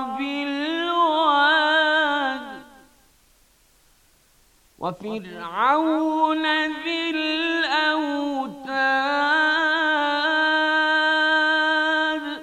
بالواد وفرعون ذي الأوتاد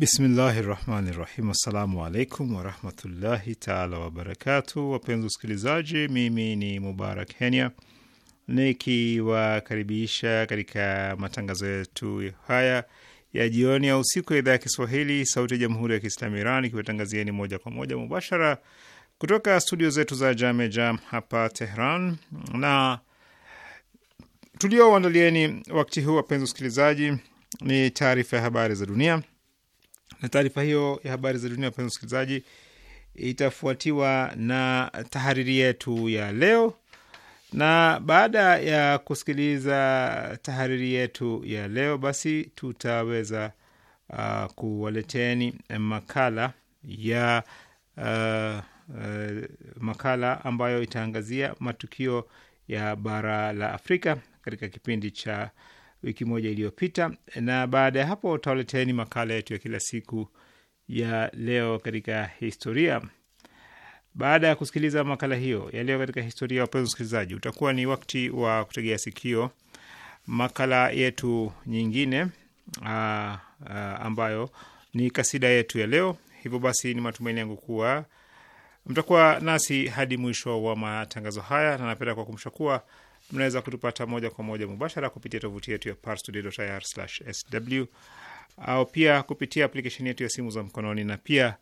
Bismillahi rahmani rahim. Assalamu alaikum warahmatullahi taala wabarakatu. Wapenzi wasikilizaji, mimi ni Mubarak Henya nikiwakaribisha katika matangazo yetu haya ya jioni ya usiku ya idhaa ya Kiswahili sauti ya jamhuri ya Kiislamu Iran ikiwatangazieni moja kwa moja mubashara kutoka studio zetu za Jame Jam hapa Tehran, na tulioandalieni wakati huu wapenzi wasikilizaji, ni taarifa ya habari za dunia na taarifa hiyo ya habari za dunia, wapenzi wasikilizaji, itafuatiwa na tahariri yetu ya leo, na baada ya kusikiliza tahariri yetu ya leo, basi tutaweza uh, kuwaleteni makala ya uh, uh, makala ambayo itaangazia matukio ya bara la Afrika katika kipindi cha wiki moja iliyopita, na baada ya hapo utawaleteni makala yetu ya kila siku ya leo katika historia. Baada ya kusikiliza makala hiyo ya leo katika historia, wapenzi wasikilizaji, utakuwa ni wakati wa kutegea sikio makala yetu nyingine a, ah, a, ah, ambayo ni kasida yetu ya leo. Hivyo basi, ni matumaini yangu kuwa mtakuwa nasi hadi mwisho wa matangazo haya, na napenda kwa kumshakua, mnaweza kutupata moja kwa moja mubashara kupitia tovuti yetu ya parstoday.ir/sw au pia kupitia aplikesheni yetu ya simu za mkononi na pia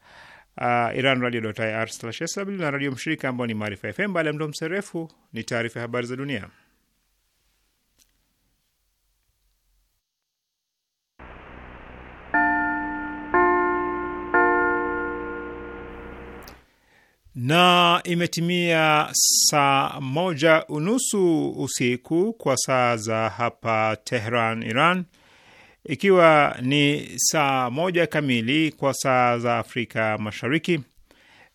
uh, iranradio.ir/sw na radio mshirika ambao ni Maarifa FM. Baada ya mdo mserefu ni taarifa ya habari za dunia. na imetimia saa moja unusu usiku kwa saa za hapa Tehran, Iran, ikiwa ni saa moja kamili kwa saa za Afrika Mashariki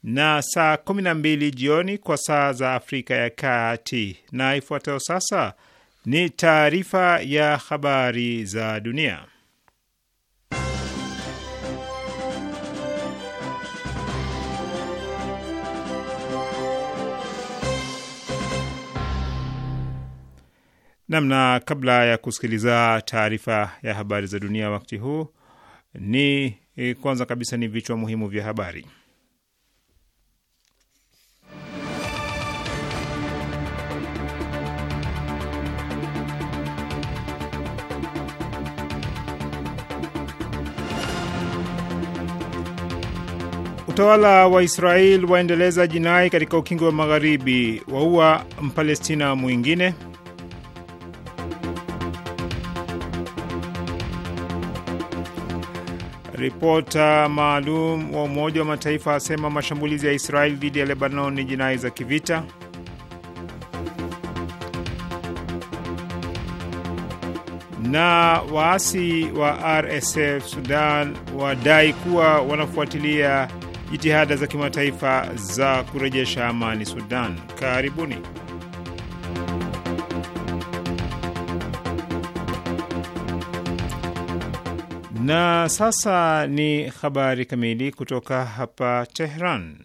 na saa kumi na mbili jioni kwa saa za Afrika ya Kati. Na ifuatayo sasa ni taarifa ya habari za dunia. namna. Kabla ya kusikiliza taarifa ya habari za dunia wakati huu, ni eh, kwanza kabisa ni vichwa muhimu vya habari. Utawala wa Israel waendeleza jinai katika ukingo wa magharibi, waua Mpalestina mwingine. Ripota maalum wa Umoja wa Mataifa asema mashambulizi ya Israeli dhidi ya Lebanon ni jinai za kivita. Na waasi wa RSF Sudan wadai kuwa wanafuatilia jitihada za kimataifa za kurejesha amani Sudan. Karibuni. Na sasa ni habari kamili kutoka hapa Tehran.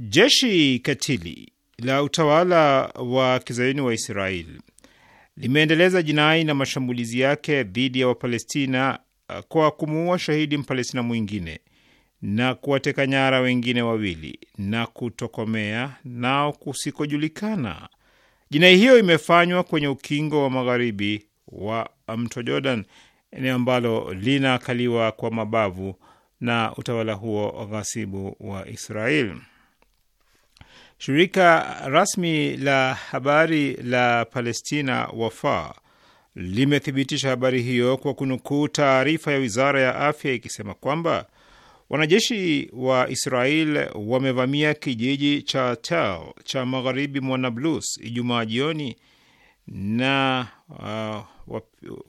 Jeshi katili la utawala wa kizayuni wa Israel limeendeleza jinai na mashambulizi yake dhidi ya Wapalestina kwa kumuua shahidi Mpalestina mwingine na kuwateka nyara wengine wawili na kutokomea nao kusikojulikana. Jinai hiyo imefanywa kwenye ukingo wa magharibi wa mto Jordan eneo ambalo linakaliwa kwa mabavu na utawala huo ghasibu wa Israel. Shirika rasmi la habari la Palestina Wafa limethibitisha habari hiyo kwa kunukuu taarifa ya wizara ya afya ikisema kwamba wanajeshi wa Israel wamevamia kijiji cha Tel cha magharibi mwa Nablus Ijumaa jioni na uh,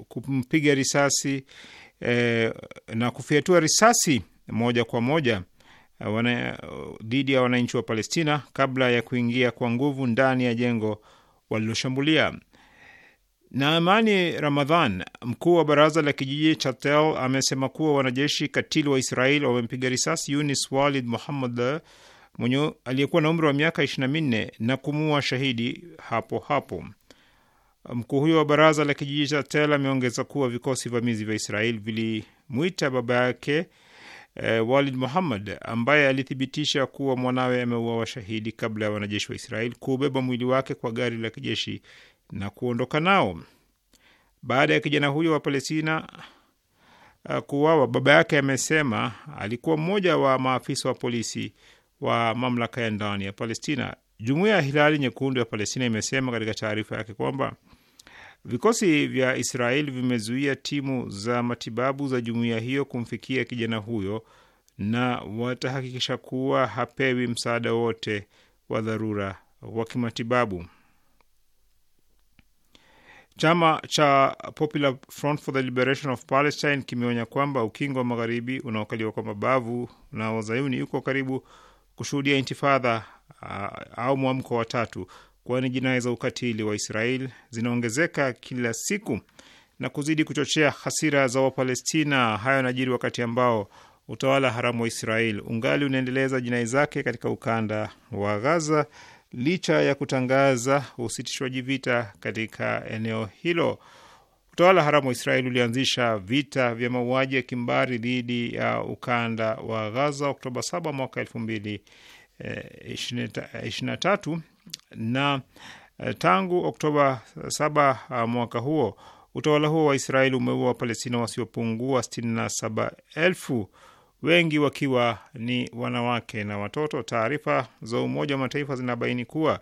kumpiga risasi e, na kufyatua risasi moja kwa moja eh, wana, dhidi ya wananchi wa Palestina kabla ya kuingia kwa nguvu ndani ya jengo waliloshambulia. Naamani Ramadhan, mkuu wa baraza la kijiji cha Tel, amesema kuwa wanajeshi katili wa Israel wamempiga risasi Yunis Walid Muhammad mwenye aliyekuwa na umri wa miaka 24 na kumuua shahidi hapo hapo. Mkuu huyo wa baraza la kijiji cha Tel ameongeza kuwa vikosi vamizi vya israel vilimwita baba yake e, Walid Muhammad ambaye alithibitisha kuwa mwanawe ameua washahidi kabla ya wanajeshi wa Israeli kuubeba mwili wake kwa gari la kijeshi na kuondoka nao. Baada ya kijana huyo wa Palestina eh, kuuawa, baba yake amesema alikuwa mmoja wa maafisa wa polisi wa mamlaka ya ndani ya Palestina. Jumuiya ya Hilali Nyekundu ya Palestina imesema katika taarifa yake kwamba vikosi vya Israeli vimezuia timu za matibabu za jumuiya hiyo kumfikia kijana huyo na watahakikisha kuwa hapewi msaada wote wa dharura wa kimatibabu. Chama cha Popular Front for the Liberation of Palestine kimeonya kwamba ukingo wa magharibi unaokaliwa kwa mabavu na wazayuni uko karibu kushuhudia intifadha au mwamko wa tatu, kwani jinai za ukatili wa israel zinaongezeka kila siku na kuzidi kuchochea hasira za Wapalestina. Hayo yanajiri wakati ambao utawala haramu wa israel ungali unaendeleza jinai zake katika ukanda wa Gaza licha ya kutangaza usitishwaji vita katika eneo hilo. Utawala haramu wa israel ulianzisha vita vya mauaji ya kimbari dhidi ya ukanda wa Gaza Oktoba 7 mwaka elfu mbili Eh, ishirini na tatu na eh, tangu Oktoba saba ah, mwaka huo utawala huo wa Israeli umeua Wapalestina wasiopungua sitini na saba elfu wengi wakiwa ni wanawake na watoto. Taarifa za Umoja wa Mataifa zinabaini kuwa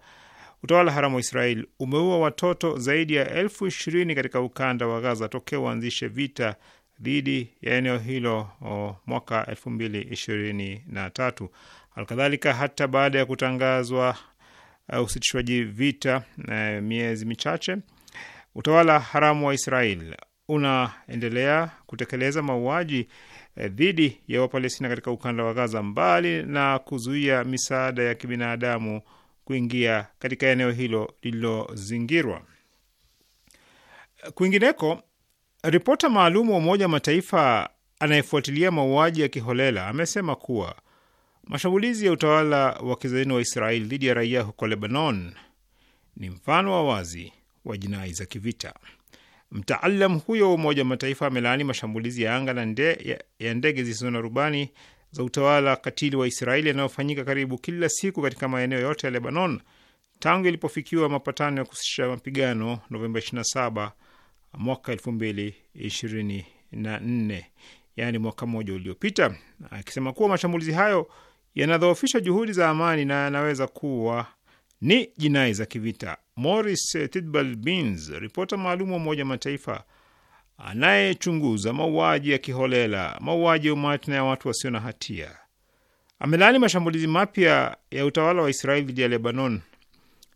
utawala haramu wa Israeli umeua watoto zaidi ya elfu ishirini katika ukanda wa Gaza tokea uanzishe vita dhidi ya eneo hilo oh, mwaka elfu mbili ishirini na tatu. Alkadhalika, hata baada ya kutangazwa uh, usitishwaji vita uh, miezi michache, utawala haramu wa Israel unaendelea kutekeleza mauaji uh, dhidi ya Wapalestina katika ukanda wa Gaza, mbali na kuzuia misaada ya kibinadamu kuingia katika eneo hilo lililozingirwa. Kwingineko, ripota maalum wa Umoja wa Mataifa anayefuatilia mauaji ya kiholela amesema kuwa Mashambulizi ya utawala wa kizaini wa Israeli dhidi ya raia huko Lebanon ni mfano wa wazi wa jinai za kivita. Mtaalam huyo wa Umoja wa Mataifa amelaani mashambulizi ya anga na nde, ya ndege zisizo na rubani za utawala katili wa Israeli yanayofanyika karibu kila siku katika maeneo yote ya Lebanon tangu ilipofikiwa mapatano ya kusitisha mapigano Novemba 27 mwaka 2024, yaani mwaka mmoja uliopita, akisema kuwa mashambulizi hayo yanadhoofisha juhudi za amani na yanaweza kuwa ni jinai za kivita. Morris Tidbal Beans, ripota maalum wa Umoja Mataifa anayechunguza mauaji ya kiholela, mauaji ya umati na ya watu wasio na hatia, amelaani mashambulizi mapya ya utawala wa Israeli dhidi ya Lebanon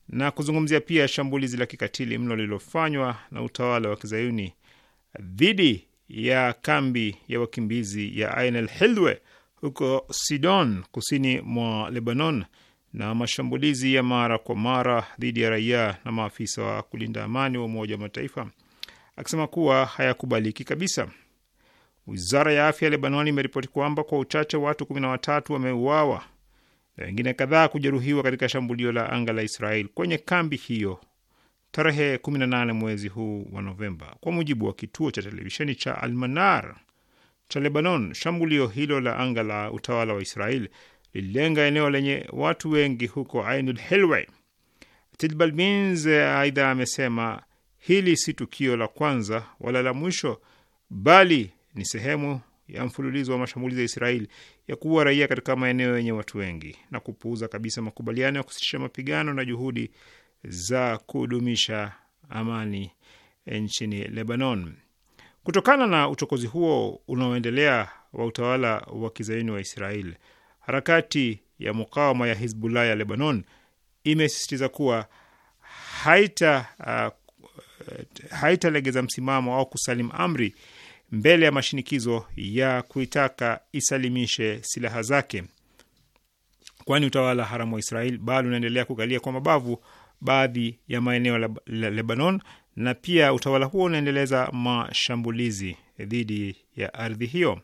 na kuzungumzia pia shambulizi la kikatili mno lililofanywa na utawala wa kizayuni dhidi ya kambi ya wakimbizi ya Ain el huko Sidon kusini mwa Lebanon na mashambulizi ya mara kwa mara dhidi ya raia na maafisa wa kulinda amani wa Umoja wa Mataifa, akisema kuwa hayakubaliki kabisa. Wizara ya afya ya Lebanon imeripoti kwamba kwa uchache watu 13 wameuawa na wengine kadhaa kujeruhiwa katika shambulio la anga la Israel kwenye kambi hiyo tarehe 18 mwezi huu wa Novemba, kwa mujibu wa kituo cha televisheni cha Almanar cha Lebanon. Shambulio hilo la anga la utawala wa Israel lililenga eneo lenye watu wengi huko Ainul Helwe. Tidbalbins aidha amesema hili si tukio la kwanza wala la mwisho, bali ni sehemu ya mfululizo wa mashambulizi ya Israeli ya kuua raia katika maeneo yenye watu wengi na kupuuza kabisa makubaliano ya kusitisha mapigano na juhudi za kudumisha amani nchini Lebanon. Kutokana na uchokozi huo unaoendelea wa utawala wa kizaini wa Israel, harakati ya mukawama ya Hizbullah ya Lebanon imesisitiza kuwa haita uh, haitalegeza msimamo au kusalim amri mbele ya mashinikizo ya kuitaka isalimishe silaha zake, kwani utawala haramu wa Israel bado unaendelea kukalia kwa mabavu baadhi ya maeneo ya Lebanon na pia utawala huo unaendeleza mashambulizi dhidi ya ardhi hiyo.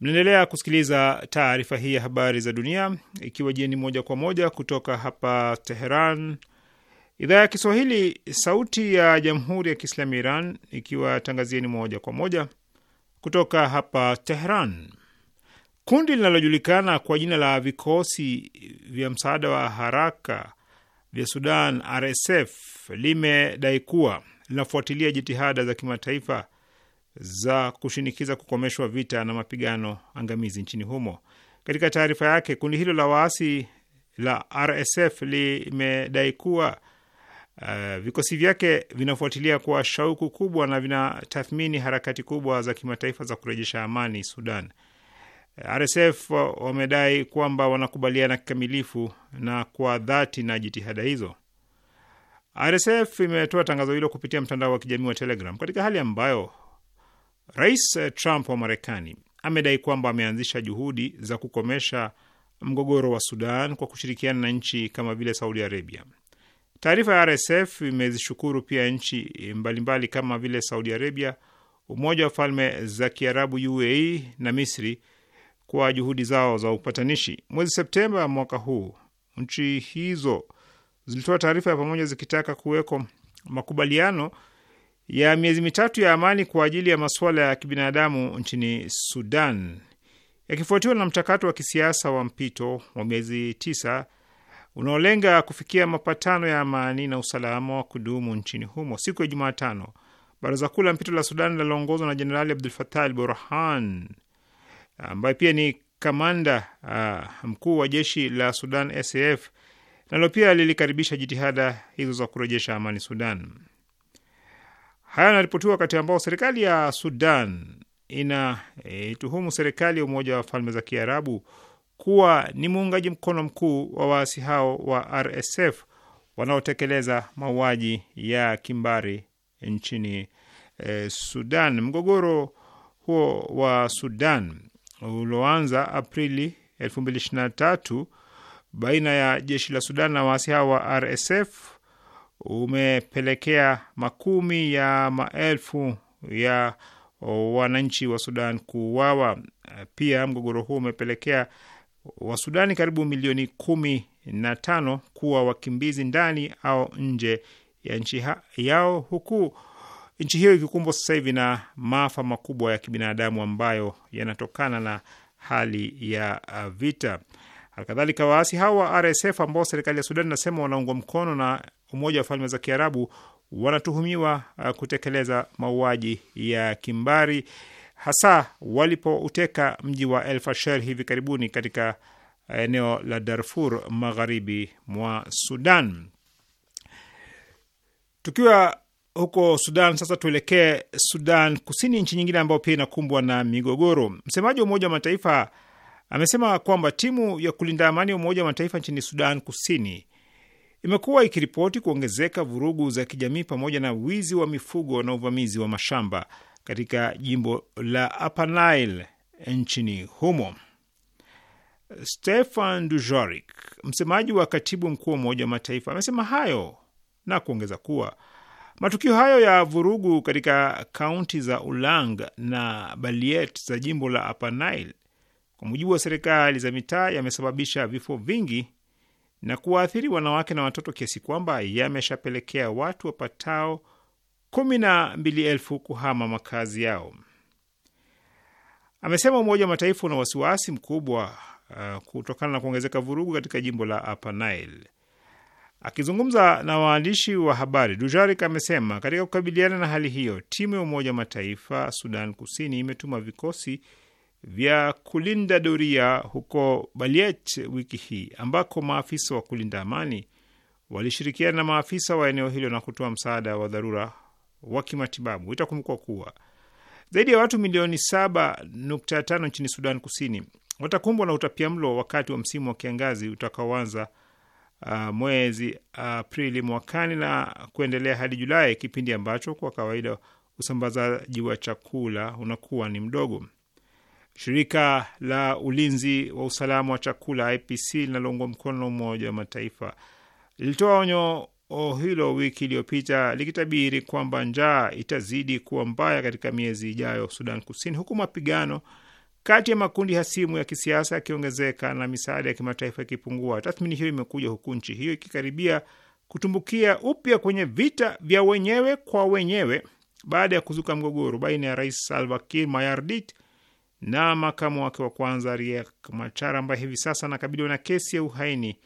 Mnaendelea kusikiliza taarifa hii ya habari za dunia ikiwa jieni moja kwa moja kutoka hapa Teheran, idhaa ya Kiswahili, sauti ya jamhuri ya kiislamu ya Iran, ikiwa tangazieni moja kwa moja kutoka hapa Teheran. Kundi linalojulikana kwa jina la vikosi vya msaada wa haraka vya Sudan RSF limedai kuwa linafuatilia jitihada za kimataifa za kushinikiza kukomeshwa vita na mapigano angamizi nchini humo. Katika taarifa yake, kundi hilo la waasi la RSF limedai kuwa uh, vikosi vyake vinafuatilia kwa shauku kubwa na vinatathmini harakati kubwa za kimataifa za kurejesha amani Sudan. RSF wamedai kwamba wanakubaliana kikamilifu na kwa dhati na jitihada hizo. RSF imetoa tangazo hilo kupitia mtandao wa kijamii wa Telegram katika hali ambayo Rais Trump wa Marekani amedai kwamba ameanzisha juhudi za kukomesha mgogoro wa Sudan kwa kushirikiana na nchi kama vile Saudi Arabia. Taarifa ya RSF imezishukuru pia nchi mbalimbali mbali kama vile Saudi Arabia, Umoja wa Falme za Kiarabu UAE na Misri kwa juhudi zao za upatanishi. Mwezi Septemba mwaka huu nchi hizo zilitoa taarifa ya pamoja zikitaka kuwekwa makubaliano ya miezi mitatu ya amani kwa ajili ya masuala ya kibinadamu nchini Sudan, yakifuatiwa na mchakato wa kisiasa wa mpito wa miezi tisa unaolenga kufikia mapatano ya amani na usalama wa kudumu nchini humo. Siku ya Jumatano, baraza kuu la mpito la Sudan linaloongozwa na Jenerali Abdul Fatah al Burhan ambaye pia ni kamanda uh, mkuu wa jeshi la Sudan SAF nalo pia lilikaribisha jitihada hizo za kurejesha amani Sudan. Haya yanaripotiwa wakati ambao serikali ya Sudan inaituhumu eh, e, serikali ya Umoja wa Falme za Kiarabu kuwa ni muungaji mkono mkuu wa waasi hao wa RSF wanaotekeleza mauaji ya kimbari nchini e, Sudan. Mgogoro huo wa Sudan ulioanza Aprili 2023 baina ya jeshi la Sudan na waasi hao wa RSF umepelekea makumi ya maelfu ya wananchi wa Sudan kuuawa. Pia mgogoro huu umepelekea Wasudani karibu milioni kumi na tano kuwa wakimbizi ndani au nje ya nchi yao huku nchi hiyo ikikumbwa sasa hivi na maafa makubwa ya kibinadamu ambayo yanatokana na hali ya uh, vita. Halikadhalika, waasi hao wa RSF ambao serikali ya Sudan inasema wanaungwa mkono na Umoja wa Falme za Kiarabu wanatuhumiwa uh, kutekeleza mauaji ya kimbari, hasa walipouteka mji wa El Fasher hivi karibuni katika uh, eneo la Darfur magharibi mwa Sudan. Tukiwa huko Sudan. Sasa tuelekee Sudan Kusini, nchi nyingine ambayo pia inakumbwa na migogoro. Msemaji wa Umoja wa Mataifa amesema kwamba timu ya kulinda amani ya Umoja wa Mataifa nchini Sudan Kusini imekuwa ikiripoti kuongezeka vurugu za kijamii pamoja na wizi wa mifugo na uvamizi wa mashamba katika jimbo la Upper Nile nchini humo. Stefan Dujarric, msemaji wa katibu mkuu wa Umoja wa Mataifa, amesema hayo na kuongeza kuwa Matukio hayo ya vurugu katika kaunti za Ulang na Baliet za jimbo la Upper Nile, kwa mujibu wa serikali za mitaa, yamesababisha vifo vingi na kuwaathiri wanawake na watoto kiasi kwamba yameshapelekea watu wapatao kumi na mbili elfu kuhama makazi yao. Amesema Umoja wa Mataifa una wasiwasi mkubwa uh, kutokana na kuongezeka vurugu katika jimbo la Upper Nile. Akizungumza na waandishi wa habari, Dujarik amesema katika kukabiliana na hali hiyo, timu ya Umoja Mataifa Sudan Kusini imetuma vikosi vya kulinda doria huko Baliet wiki hii, ambako maafisa wa kulinda amani walishirikiana na maafisa wa eneo hilo na kutoa msaada wa dharura wa kimatibabu. Itakumbukwa kuwa zaidi ya watu milioni 7.5 nchini Sudan Kusini watakumbwa na utapiamlo wakati wa msimu wa kiangazi utakaoanza uh, mwezi Aprili mwakani na kuendelea hadi Julai, kipindi ambacho kwa kawaida usambazaji wa chakula unakuwa ni mdogo. Shirika la ulinzi wa usalama wa chakula IPC linaloungwa mkono na Umoja wa Mataifa lilitoa onyo hilo wiki iliyopita likitabiri kwamba njaa itazidi kuwa mbaya katika miezi ijayo Sudan Kusini, huku mapigano kati ya makundi hasimu ya kisiasa yakiongezeka na misaada ya kimataifa ikipungua. Tathmini hiyo imekuja huku nchi hiyo ikikaribia kutumbukia upya kwenye vita vya wenyewe kwa wenyewe baada ya kuzuka mgogoro baina ya Rais Salva Kiir Mayardit na makamu wake wa kwanza Riek Machar ambaye hivi sasa anakabiliwa na kesi ya uhaini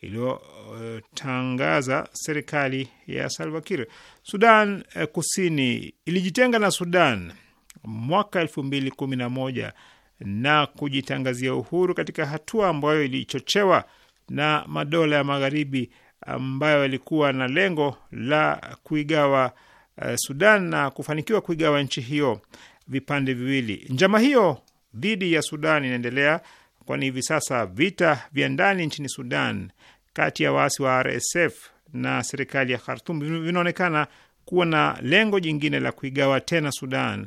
iliyotangaza uh, serikali ya Salva Kiir. Sudan uh, Kusini ilijitenga na Sudan mwaka elfu mbili kumi na moja na kujitangazia uhuru katika hatua ambayo ilichochewa na madola ya magharibi ambayo yalikuwa na lengo la kuigawa eh, Sudan na kufanikiwa kuigawa nchi hiyo vipande viwili. Njama hiyo dhidi ya Sudan inaendelea, kwani hivi sasa vita vya ndani nchini Sudan kati ya waasi wa RSF na serikali ya Khartum vinaonekana kuwa na lengo jingine la kuigawa tena Sudan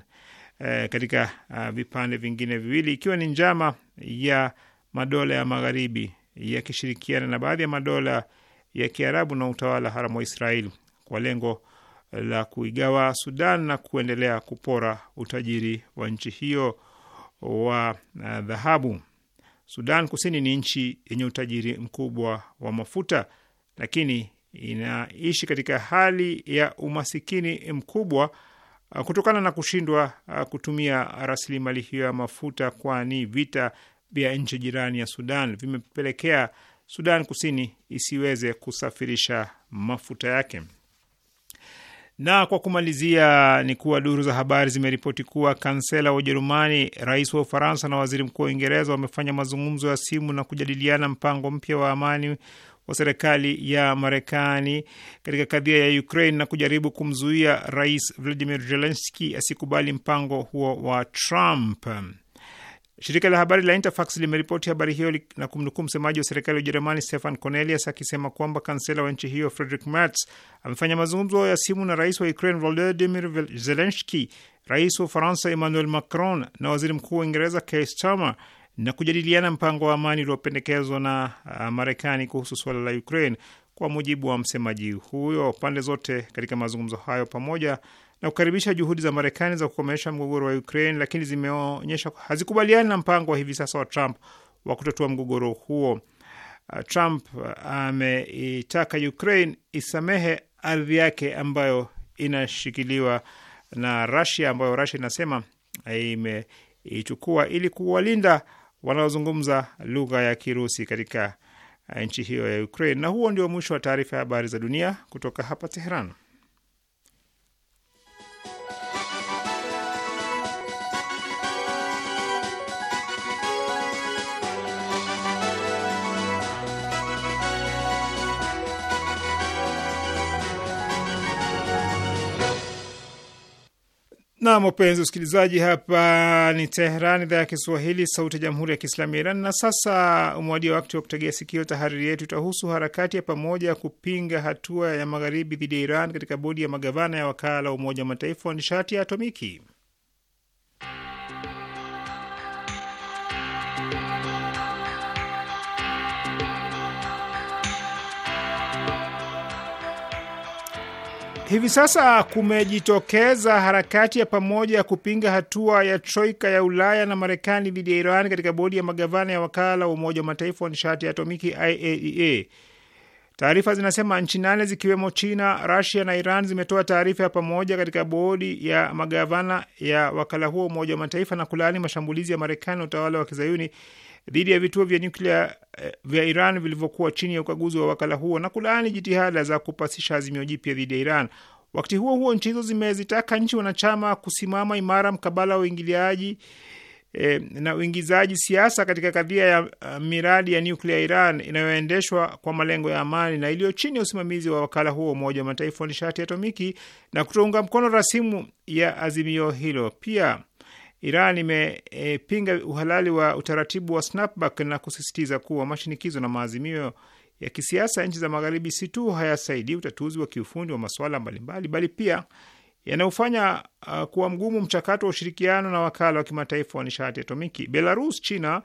Eh, katika uh, vipande vingine viwili, ikiwa ni njama ya madola ya magharibi yakishirikiana na baadhi ya madola ya Kiarabu na utawala haramu wa Israeli kwa lengo la kuigawa Sudan na kuendelea kupora utajiri wa nchi hiyo wa ah, dhahabu. Sudan Kusini ni nchi yenye utajiri mkubwa wa mafuta, lakini inaishi katika hali ya umasikini mkubwa Ah, kutokana na kushindwa ah, kutumia rasilimali hiyo ya mafuta, kwani vita vya nchi jirani ya Sudan vimepelekea Sudan Kusini isiweze kusafirisha mafuta yake. Na kwa kumalizia ni kuwa duru za habari zimeripoti kuwa kansela wa Ujerumani, rais wa Ufaransa na waziri mkuu wa Uingereza wamefanya mazungumzo ya simu na kujadiliana mpango mpya wa amani wa serikali ya Marekani katika kadhia ya Ukraine na kujaribu kumzuia Rais Vladimir Zelenski asikubali mpango huo wa Trump. Shirika la habari la Interfax limeripoti habari hiyo na kumnukuu msemaji wa serikali ya Ujerumani Stefan Cornelius akisema kwamba kansela wa nchi hiyo Friedrich Merz amefanya mazungumzo ya simu na rais wa Ukraine volodimir zelenski rais wa Ufaransa Emmanuel Macron na waziri mkuu wa Uingereza Keir Starmer na kujadiliana mpango wa amani uliopendekezwa na uh, Marekani kuhusu suala la Ukraine. Kwa mujibu wa msemaji huyo, pande zote katika mazungumzo hayo, pamoja na kukaribisha juhudi za Marekani za kukomesha mgogoro wa Ukraine, lakini zimeonyesha hazikubaliani na mpango wa hivi sasa wa Trump wa kutatua mgogoro huo. Uh, Trump uh, ameitaka Ukraine isamehe ardhi yake ambayo inashikiliwa na Russia, ambayo Russia inasema imeichukua ili kuwalinda wanaozungumza lugha ya Kirusi katika eh, nchi hiyo ya Ukraine. Na huo ndio mwisho wa taarifa ya habari za dunia kutoka hapa Teheran. Na wapenzi usikilizaji, hapa ni Tehran, idhaa ya Kiswahili, sauti ya jamhuri ya kiislamu ya Iran. Na sasa umewadia wakati wa kutegea sikio. Tahariri yetu itahusu harakati ya pamoja ya kupinga hatua ya magharibi dhidi ya Iran katika bodi ya magavana ya wakala wa Umoja wa Mataifa wa nishati ya atomiki. Hivi sasa kumejitokeza harakati ya pamoja ya kupinga hatua ya troika ya Ulaya na Marekani dhidi ya Iran katika bodi ya magavana ya wakala wa Umoja wa Mataifa wa nishati ya atomiki IAEA. E taarifa zinasema nchi nane zikiwemo China, Rasia na Iran zimetoa taarifa ya pamoja katika bodi ya magavana ya wakala huo Umoja wa Mataifa na kulaani mashambulizi ya Marekani na utawala wa kizayuni dhidi ya vituo vya nyuklia eh, vya Iran vilivyokuwa chini ya ukaguzi wa wakala huo na kulaani jitihada za kupasisha azimio jipya dhidi ya Iran. Wakati huo huo, nchi hizo zimezitaka nchi wanachama kusimama imara mkabala wa uingiliaji e, na uingizaji siasa katika kadhia ya eh, miradi ya nyuklia ya Iran inayoendeshwa kwa malengo ya amani na iliyo chini ya usimamizi wa wakala huo Umoja wa Mataifa wa nishati ya atomiki na kutounga mkono rasimu ya azimio hilo. Pia Iran imepinga uhalali wa utaratibu wa snapback na kusisitiza kuwa mashinikizo na maazimio ya kisiasa nchi za magharibi si tu hayasaidii utatuzi wa kiufundi wa masuala mbalimbali, bali pia yanayofanya uh, kuwa mgumu mchakato wa ushirikiano na wakala wa kimataifa wa nishati atomiki. Belarus, China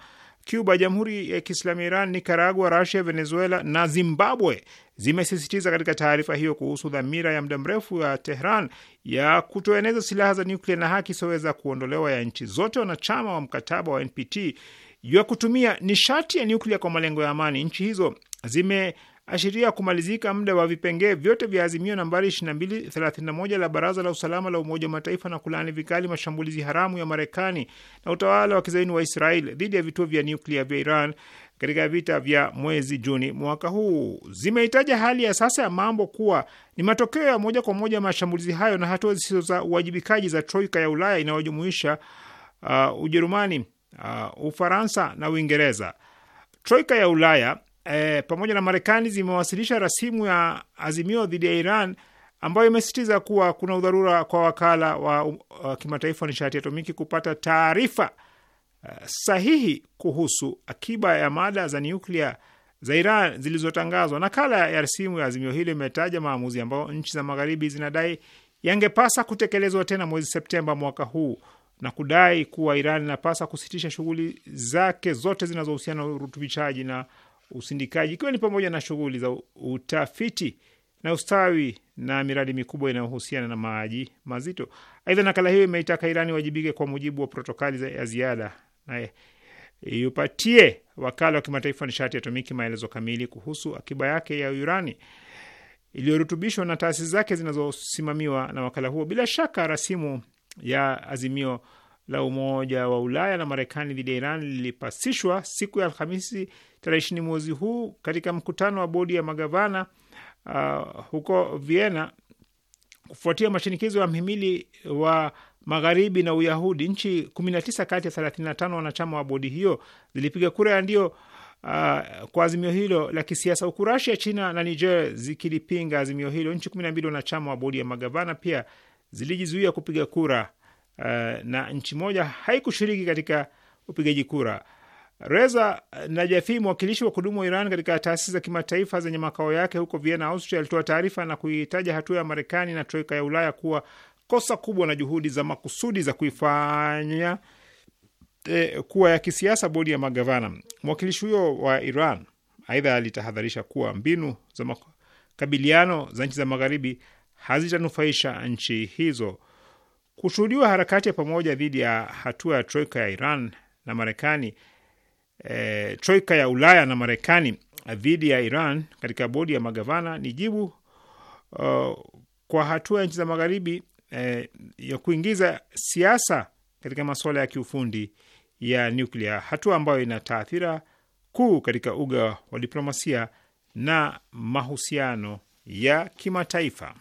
Cuba, Jamhuri ya Kiislamu ya Iran, Nicaragua, rasia Venezuela na Zimbabwe zimesisitiza katika taarifa hiyo kuhusu dhamira ya muda mrefu ya Tehran ya kutoeneza silaha za nyuklia na haki isiyoweza kuondolewa ya nchi zote wanachama wa mkataba wa NPT ya kutumia nishati ya nyuklia kwa malengo ya amani. Nchi hizo zime ashiria kumalizika muda wa vipengee vyote vya azimio nambari 2231 la Baraza la Usalama la Umoja wa Mataifa na kulaani vikali mashambulizi haramu ya Marekani na utawala wa kizaini wa Israel dhidi ya vituo vya nyuklia vya Iran katika vita vya mwezi Juni mwaka huu. zimehitaja hali ya sasa ya mambo kuwa ni matokeo ya moja kwa moja mashambulizi hayo na hatua zisizo za uwajibikaji za troika ya Ulaya inayojumuisha uh, Ujerumani, uh, Ufaransa na Uingereza. Troika ya Ulaya e, pamoja na Marekani zimewasilisha rasimu ya azimio dhidi ya Iran ambayo imesisitiza kuwa kuna udharura kwa wakala wa uh, kimataifa wa nishati atomiki kupata taarifa uh, sahihi kuhusu akiba ya mada za nyuklia za Iran zilizotangazwa. Nakala ya rasimu ya azimio hilo imetaja maamuzi ambayo nchi za magharibi zinadai yangepasa kutekelezwa tena mwezi Septemba mwaka huu na kudai kuwa Iran inapasa kusitisha shughuli zake zote zinazohusiana na urutubishaji na usindikaji, ikiwa ni pamoja na shughuli za utafiti na ustawi na miradi mikubwa inayohusiana na maji mazito. Aidha, nakala hiyo imeitaka Irani wajibike kwa mujibu wa protokali ya ziada na iupatie wakala wa kimataifa nishati ya atomiki maelezo kamili kuhusu akiba yake ya urani iliyorutubishwa na taasisi zake zinazosimamiwa na wakala huo. Bila shaka rasimu ya azimio la Umoja wa Ulaya na Marekani dhidi ya Iran lilipasishwa siku ya Alhamisi tarehe ishirini mwezi huu katika mkutano wa bodi ya magavana uh, huko Vienna kufuatia mashinikizo ya mhimili wa magharibi na Uyahudi. Nchi 19 kati ya 35 wanachama wa bodi hiyo zilipiga kura ya ndio Uh, kwa azimio hilo la kisiasa huku Rasia, China na Niger zikilipinga azimio hilo. Nchi kumi na mbili wanachama wa bodi ya magavana pia zilijizuia kupiga kura uh, na nchi moja haikushiriki katika upigaji kura. Reza eh, Najafi, mwakilishi wa kudumu wa Iran katika taasisi za kimataifa zenye makao yake huko Vienna, Austria, alitoa taarifa na kuitaja hatua ya Marekani na troika ya Ulaya kuwa kosa kubwa na juhudi za makusudi za kuifanya e, kuwa ya kisiasa bodi ya magavana. Mwakilishi huyo wa Iran aidha alitahadharisha kuwa mbinu za makabiliano za nchi za magharibi hazitanufaisha nchi hizo. Kushuhudiwa harakati ya pamoja dhidi ya hatua ya troika ya Iran na Marekani, e, troika ya Ulaya na Marekani dhidi ya Iran katika bodi ya magavana ni jibu uh, kwa hatua ya nchi za magharibi eh, ya kuingiza siasa katika masuala ya kiufundi ya nuklia, hatua ambayo ina taathira kuu katika uga wa diplomasia na mahusiano ya kimataifa.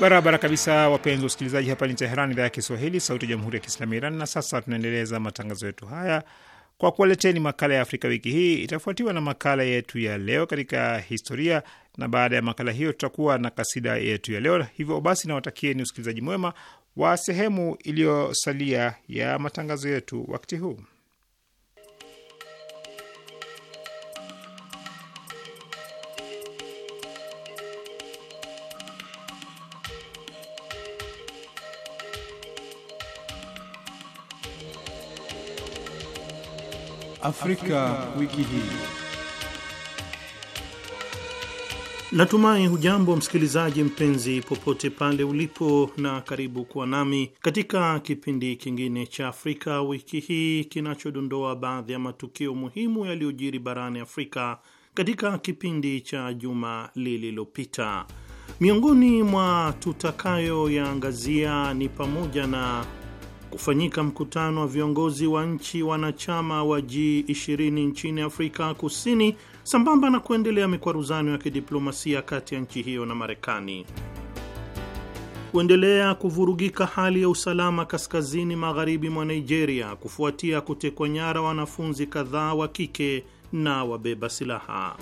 Barabara kabisa, wapenzi wa usikilizaji hapa ni Teheran, idhaa ya Kiswahili, sauti ya jamhuri ya kiislamu ya Iran. Na sasa tunaendeleza matangazo yetu haya kwa kuwaleteni makala ya Afrika wiki hii, itafuatiwa na makala yetu ya leo katika historia, na baada ya makala hiyo tutakuwa na kasida yetu ya leo. Hivyo basi, nawatakieni usikilizaji mwema wa sehemu iliyosalia ya matangazo yetu wakati huu. Afrika wiki hii. Natumai hujambo msikilizaji mpenzi, popote pale ulipo, na karibu kuwa nami katika kipindi kingine cha Afrika wiki hii kinachodondoa baadhi ya matukio muhimu yaliyojiri barani Afrika katika kipindi cha juma lililopita. Miongoni mwa tutakayoyaangazia ni pamoja na kufanyika mkutano wa viongozi wa nchi wanachama wa G20 nchini Afrika Kusini sambamba na kuendelea mikwaruzano ya kidiplomasia kati ya nchi hiyo na Marekani. Kuendelea kuvurugika hali ya usalama kaskazini magharibi mwa Nigeria kufuatia kutekwa nyara wanafunzi kadhaa wa kike na wabeba silaha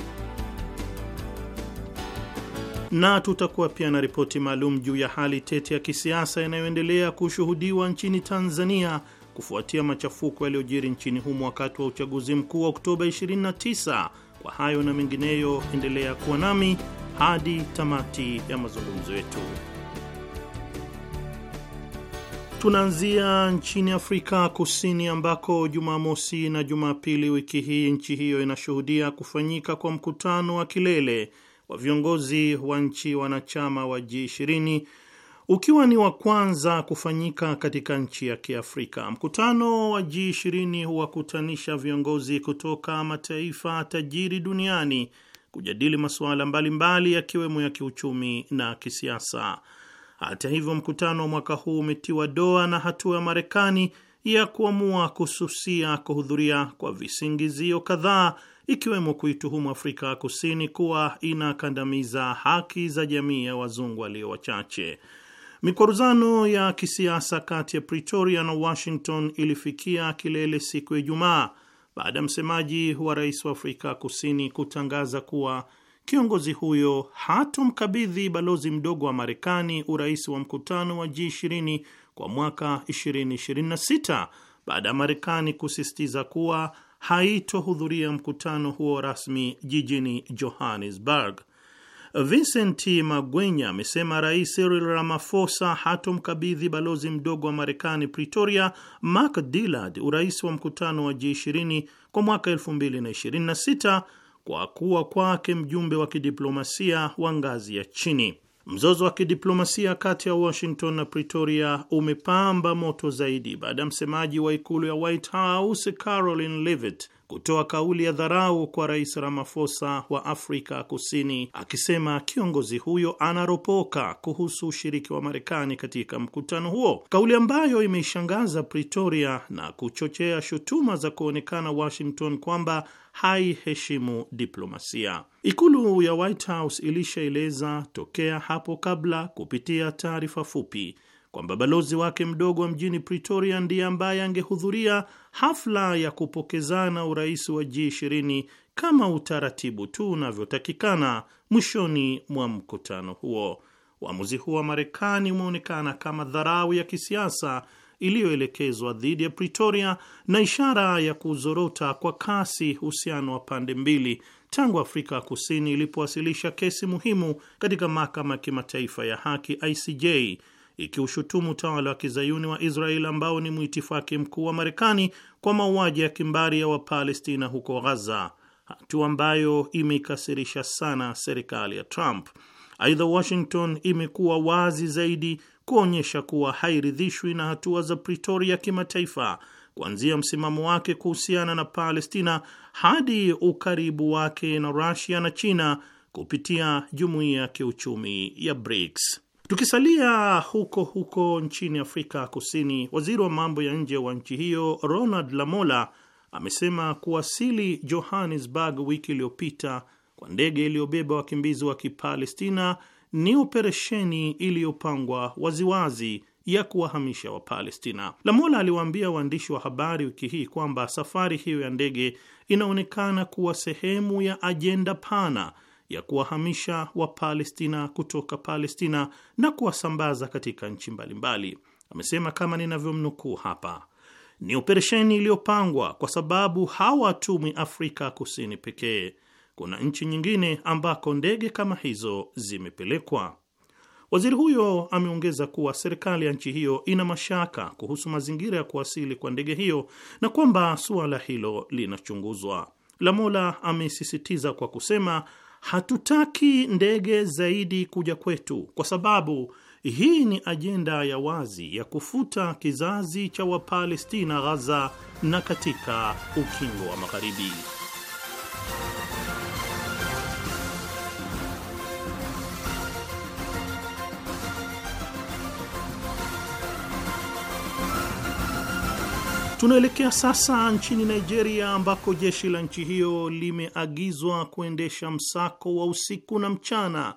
na tutakuwa pia na ripoti maalum juu ya hali tete ya kisiasa inayoendelea kushuhudiwa nchini Tanzania kufuatia machafuko yaliyojiri nchini humo wakati wa uchaguzi mkuu wa Oktoba 29. Kwa hayo na mengineyo, endelea kuwa nami hadi tamati ya mazungumzo yetu. Tunaanzia nchini Afrika Kusini ambako Jumamosi na Jumapili wiki hii nchi hiyo inashuhudia kufanyika kwa mkutano wa kilele wa viongozi wa nchi wanachama wa G20 ukiwa ni wa kwanza kufanyika katika nchi ya Kiafrika. Mkutano wa G20 huwakutanisha viongozi kutoka mataifa tajiri duniani kujadili masuala mbalimbali yakiwemo ya kiuchumi na kisiasa. Hata hivyo, mkutano wa mwaka huu umetiwa doa na hatua ya Marekani ya kuamua kususia kuhudhuria kwa visingizio kadhaa ikiwemo kuituhumu Afrika ya Kusini kuwa inakandamiza haki za jamii ya wazungu walio wachache. Mikwaruzano ya kisiasa kati ya Pretoria na Washington ilifikia kilele siku ya Ijumaa baada ya msemaji wa rais wa Afrika Kusini kutangaza kuwa kiongozi huyo hatomkabidhi balozi mdogo wa Marekani urais wa mkutano wa G20 kwa mwaka 2026 baada ya Marekani kusisitiza kuwa haitohudhuria mkutano huo rasmi jijini Johannesburg. Vincent Magwenya amesema Rais Cyril Ramaphosa hatomkabidhi balozi mdogo wa Marekani Pretoria, Mark Dillard, urais wa mkutano wa G20 kwa mwaka 2026 kwa kuwa kwake mjumbe wa kidiplomasia wa ngazi ya chini. Mzozo wa kidiplomasia kati ya Washington na Pretoria umepamba moto zaidi baada ya msemaji wa ikulu ya White House Caroline Levitt kutoa kauli ya dharau kwa Rais Ramaphosa wa Afrika Kusini, akisema kiongozi huyo anaropoka kuhusu ushiriki wa Marekani katika mkutano huo, kauli ambayo imeishangaza Pretoria na kuchochea shutuma za kuonekana Washington kwamba haiheshimu diplomasia. Ikulu ya White House ilishaeleza tokea hapo kabla kupitia taarifa fupi kwamba balozi wake mdogo wa mjini Pretoria ndiye ambaye angehudhuria hafla ya kupokezana urais wa G20 kama utaratibu tu unavyotakikana mwishoni mwa mkutano huo. Uamuzi huo wa Marekani umeonekana kama dharau ya kisiasa iliyoelekezwa dhidi ya Pretoria na ishara ya kuzorota kwa kasi uhusiano wa pande mbili tangu Afrika ya Kusini ilipowasilisha kesi muhimu katika mahakama ya kimataifa ya haki ICJ ikiushutumu utawala wa kizayuni wa Israel ambao ni mwitifaki mkuu wa Marekani kwa mauaji ya kimbari ya Wapalestina huko Ghaza, hatua ambayo imeikasirisha sana serikali ya Trump. Aidha, Washington imekuwa wazi zaidi kuonyesha kuwa hairidhishwi na hatua za Pretoria kimataifa, kuanzia msimamo wake kuhusiana na Palestina hadi ukaribu wake na Rusia na China kupitia jumuiya ya kiuchumi ya BRICS. Tukisalia huko huko nchini Afrika Kusini, waziri wa mambo ya nje wa nchi hiyo Ronald Lamola amesema kuwasili Johannesburg wiki iliyopita kwa ndege iliyobeba wakimbizi wa Kipalestina ni operesheni iliyopangwa waziwazi ya kuwahamisha Wapalestina. Lamola aliwaambia waandishi wa habari wiki hii kwamba safari hiyo ya ndege inaonekana kuwa sehemu ya ajenda pana ya kuwahamisha Wapalestina kutoka Palestina na kuwasambaza katika nchi mbalimbali. Amesema kama ninavyomnukuu hapa, ni operesheni iliyopangwa kwa sababu hawatumwi Afrika Kusini pekee kuna nchi nyingine ambako ndege kama hizo zimepelekwa. Waziri huyo ameongeza kuwa serikali ya nchi hiyo ina mashaka kuhusu mazingira ya kuwasili kwa ndege hiyo na kwamba suala hilo linachunguzwa. Lamola amesisitiza kwa kusema, hatutaki ndege zaidi kuja kwetu kwa sababu hii ni ajenda ya wazi ya kufuta kizazi cha Wapalestina Ghaza na katika ukingo wa Magharibi. Tunaelekea sasa nchini Nigeria ambako jeshi la nchi hiyo limeagizwa kuendesha msako wa usiku na mchana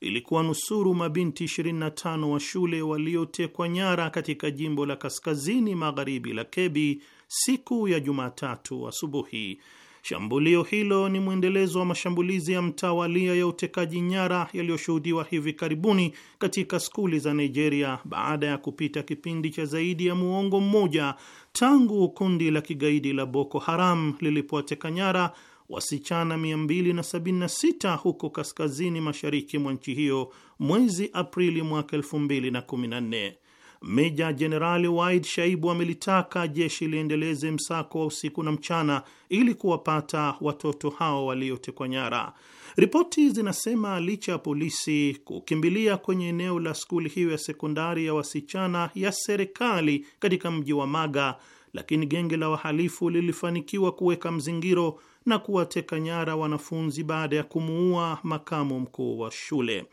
ili kuwanusuru mabinti 25 wa shule waliotekwa nyara katika jimbo la kaskazini magharibi la Kebbi siku ya Jumatatu asubuhi. Shambulio hilo ni mwendelezo wa mashambulizi ya mtawalia ya utekaji nyara yaliyoshuhudiwa hivi karibuni katika skuli za Nigeria baada ya kupita kipindi cha zaidi ya muongo mmoja tangu kundi la kigaidi la Boko Haram lilipowateka nyara wasichana 276 huko kaskazini mashariki mwa nchi hiyo mwezi Aprili mwaka 2014. Meja Jenerali Waid Shaibu amelitaka jeshi liendeleze msako wa usiku na mchana ili kuwapata watoto hao waliotekwa nyara. Ripoti zinasema licha ya polisi kukimbilia kwenye eneo la skuli hiyo ya sekondari ya wasichana ya serikali katika mji wa Maga, lakini genge la wahalifu lilifanikiwa kuweka mzingiro na kuwateka nyara wanafunzi baada ya kumuua makamu mkuu wa shule.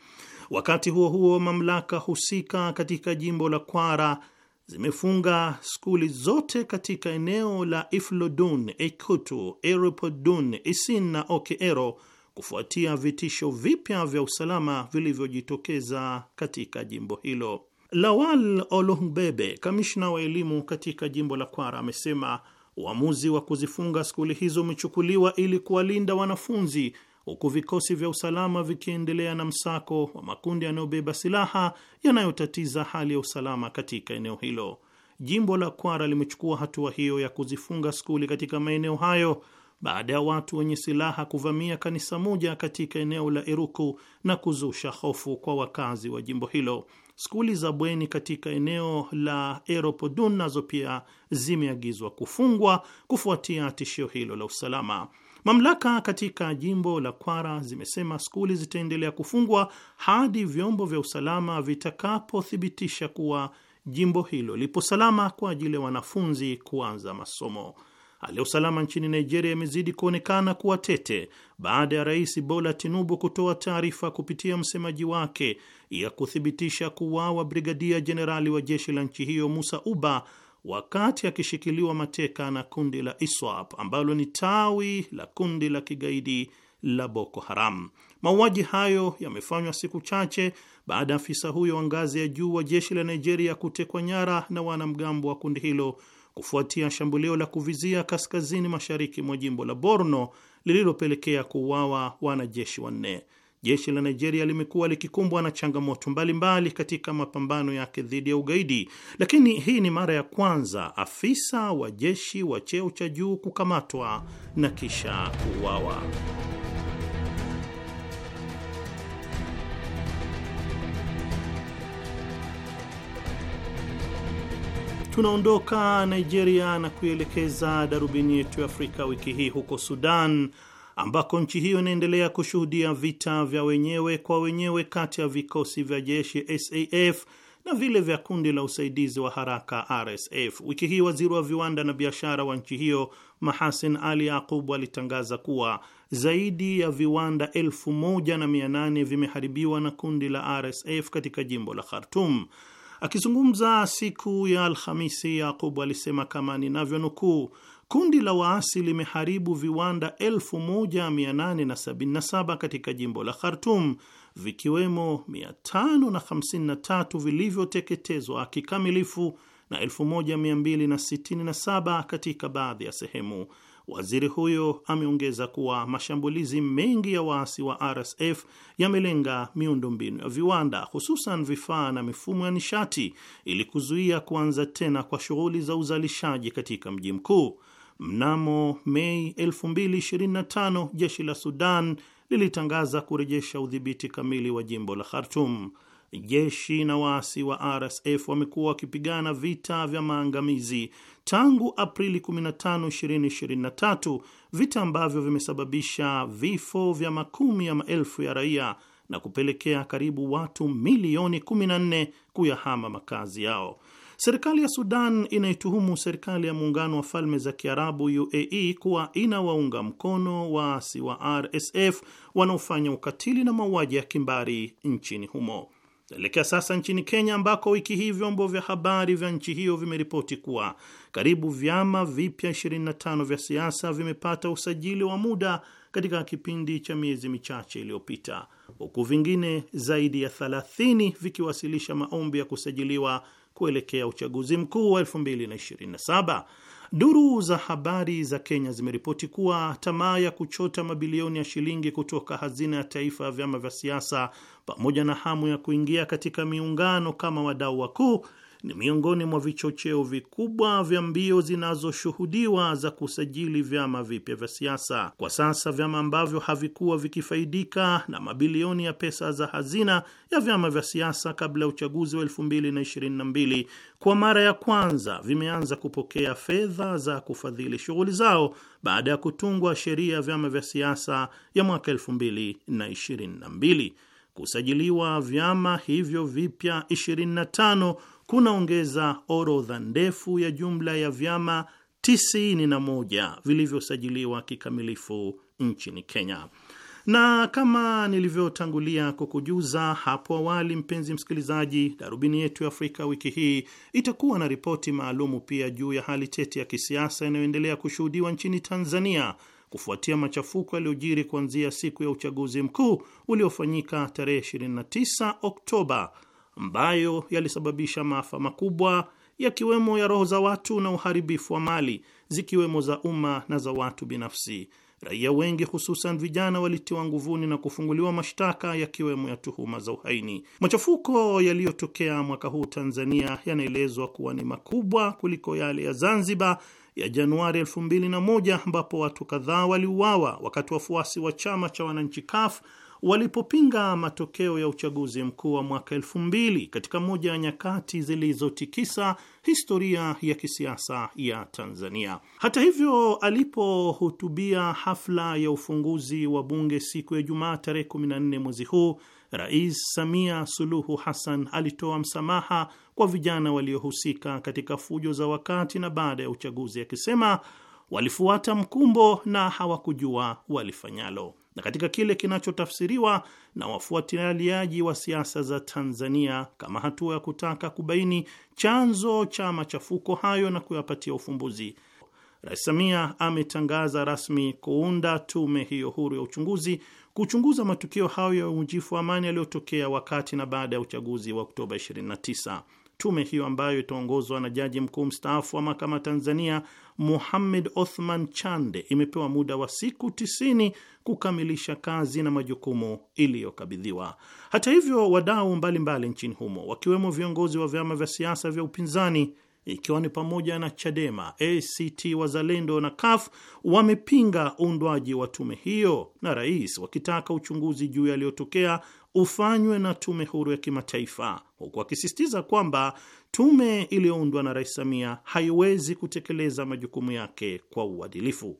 Wakati huo huo, mamlaka husika katika jimbo la Kwara zimefunga skuli zote katika eneo la Iflodun, Ekutu, Eropodun, Isin na Okeero kufuatia vitisho vipya vya usalama vilivyojitokeza katika jimbo hilo. Lawal Olohbebe, kamishna wa elimu katika jimbo la Kwara, amesema uamuzi wa kuzifunga skuli hizo umechukuliwa ili kuwalinda wanafunzi huku vikosi vya usalama vikiendelea na msako wa makundi yanayobeba silaha yanayotatiza hali ya usalama katika eneo hilo. Jimbo la Kwara limechukua hatua hiyo ya kuzifunga skuli katika maeneo hayo baada ya watu wenye silaha kuvamia kanisa moja katika eneo la Iruku na kuzusha hofu kwa wakazi wa jimbo hilo. Skuli za bweni katika eneo la Eropodun nazo pia zimeagizwa kufungwa kufuatia tishio hilo la usalama. Mamlaka katika jimbo la Kwara zimesema skuli zitaendelea kufungwa hadi vyombo vya usalama vitakapothibitisha kuwa jimbo hilo lipo salama kwa ajili ya wanafunzi kuanza masomo. Hali ya usalama nchini Nigeria imezidi kuonekana kuwa tete baada ya rais Bola Tinubu kutoa taarifa kupitia msemaji wake ya kuthibitisha kuuawa brigadia jenerali wa jeshi la nchi hiyo Musa Uba wakati akishikiliwa mateka na kundi la ISWAP ambalo ni tawi la kundi la kigaidi la Boko Haram. Mauaji hayo yamefanywa siku chache baada ya afisa huyo wa ngazi ya juu wa jeshi la Nigeria kutekwa nyara na wanamgambo wa kundi hilo kufuatia shambulio la kuvizia kaskazini mashariki mwa jimbo la Borno lililopelekea kuuawa wanajeshi wanne. Jeshi la Nigeria limekuwa likikumbwa na changamoto mbalimbali katika mapambano yake dhidi ya ugaidi, lakini hii ni mara ya kwanza afisa wa jeshi wa cheo cha juu kukamatwa na kisha kuuawa. Tunaondoka Nigeria na kuielekeza darubini yetu ya Afrika wiki hii huko Sudan ambako nchi hiyo inaendelea kushuhudia vita vya wenyewe kwa wenyewe kati ya vikosi vya jeshi SAF na vile vya kundi la usaidizi wa haraka RSF. Wiki hii waziri wa viwanda na biashara wa nchi hiyo Mahasin Ali Yaqub alitangaza kuwa zaidi ya viwanda elfu moja na mia nane vimeharibiwa na kundi la RSF katika jimbo la Khartum. Akizungumza siku ya Alhamisi, Yaqub alisema kama ninavyonukuu Kundi la waasi limeharibu viwanda 1877 katika jimbo la Khartum, vikiwemo 553 vilivyoteketezwa kikamilifu na 1267 katika baadhi ya sehemu. Waziri huyo ameongeza kuwa mashambulizi mengi ya waasi wa RSF yamelenga miundombinu ya viwanda, hususan vifaa na mifumo ya nishati, ili kuzuia kuanza tena kwa shughuli za uzalishaji katika mji mkuu. Mnamo Mei 2025 jeshi la Sudan lilitangaza kurejesha udhibiti kamili wa jimbo la Khartum. Jeshi na waasi wa RSF wamekuwa wakipigana vita vya maangamizi tangu Aprili 15, 2023, vita ambavyo vimesababisha vifo vya makumi ya maelfu ya raia na kupelekea karibu watu milioni 14 kuyahama makazi yao. Serikali ya Sudan inaituhumu serikali ya muungano wa falme za Kiarabu UAE kuwa inawaunga mkono waasi wa RSF wanaofanya ukatili na mauaji ya kimbari nchini humo. Tunaelekea sasa nchini Kenya ambako wiki hii vyombo vya habari vya nchi hiyo vimeripoti kuwa karibu vyama vipya 25 vya siasa vimepata usajili wa muda katika kipindi cha miezi michache iliyopita, huku vingine zaidi ya 30 vikiwasilisha maombi ya kusajiliwa kuelekea uchaguzi mkuu wa 2027. Duru za habari za Kenya zimeripoti kuwa tamaa ya kuchota mabilioni ya shilingi kutoka hazina ya taifa ya vyama vya siasa pamoja na hamu ya kuingia katika miungano kama wadau wakuu ni miongoni mwa vichocheo vikubwa vya mbio zinazoshuhudiwa za kusajili vyama vipya vya siasa. Kwa sasa vyama ambavyo havikuwa vikifaidika na mabilioni ya pesa za hazina ya vyama vya siasa kabla ya uchaguzi wa 2022 kwa mara ya kwanza vimeanza kupokea fedha za kufadhili shughuli zao baada ya kutungwa sheria ya vyama vya siasa ya mwaka 2022. Kusajiliwa vyama hivyo vipya 25 kunaongeza orodha ndefu ya jumla ya vyama 91 vilivyosajiliwa kikamilifu nchini Kenya. Na kama nilivyotangulia kukujuza hapo awali, mpenzi msikilizaji, darubini yetu ya Afrika wiki hii itakuwa na ripoti maalumu pia juu ya hali tete ya kisiasa inayoendelea kushuhudiwa nchini Tanzania kufuatia machafuko yaliyojiri kuanzia siku ya uchaguzi mkuu uliofanyika tarehe 29 Oktoba ambayo yalisababisha maafa makubwa yakiwemo ya roho za watu na uharibifu wa mali zikiwemo za umma na za watu binafsi. Raia wengi hususan vijana walitiwa nguvuni na kufunguliwa mashtaka yakiwemo ya tuhuma za uhaini. Machafuko yaliyotokea mwaka huu Tanzania yanaelezwa kuwa ni makubwa kuliko yale ya Zanzibar ya Januari 2001 ambapo watu kadhaa waliuawa wakati wafuasi wa chama cha wananchi CUF walipopinga matokeo ya uchaguzi mkuu wa mwaka elfu mbili katika moja ya nyakati zilizotikisa historia ya kisiasa ya Tanzania. Hata hivyo, alipohutubia hafla ya ufunguzi wa bunge siku ya Jumaa tarehe 14 mwezi huu, Rais Samia Suluhu Hassan alitoa msamaha kwa vijana waliohusika katika fujo za wakati na baada ya uchaguzi, akisema walifuata mkumbo na hawakujua walifanyalo na katika kile kinachotafsiriwa na wafuatiliaji wa siasa za Tanzania kama hatua ya kutaka kubaini chanzo cha machafuko hayo na kuyapatia ufumbuzi. Rais Samia ametangaza rasmi kuunda tume hiyo huru ya uchunguzi kuchunguza matukio hayo ya uvunjifu wa amani yaliyotokea wakati na baada ya uchaguzi wa Oktoba 29. Tume hiyo ambayo itaongozwa na jaji mkuu mstaafu wa mahakama Tanzania Muhamed Othman Chande imepewa muda wa siku tisini kukamilisha kazi na majukumu iliyokabidhiwa. Hata hivyo, wadau mbalimbali nchini humo wakiwemo viongozi wa vyama vya siasa vya upinzani ikiwa ni pamoja na Chadema, ACT Wazalendo na CUF wamepinga uundwaji wa tume hiyo na rais, wakitaka uchunguzi juu yaliyotokea ufanywe na tume huru ya kimataifa, huku akisisitiza kwamba tume iliyoundwa na Rais Samia haiwezi kutekeleza majukumu yake kwa uadilifu.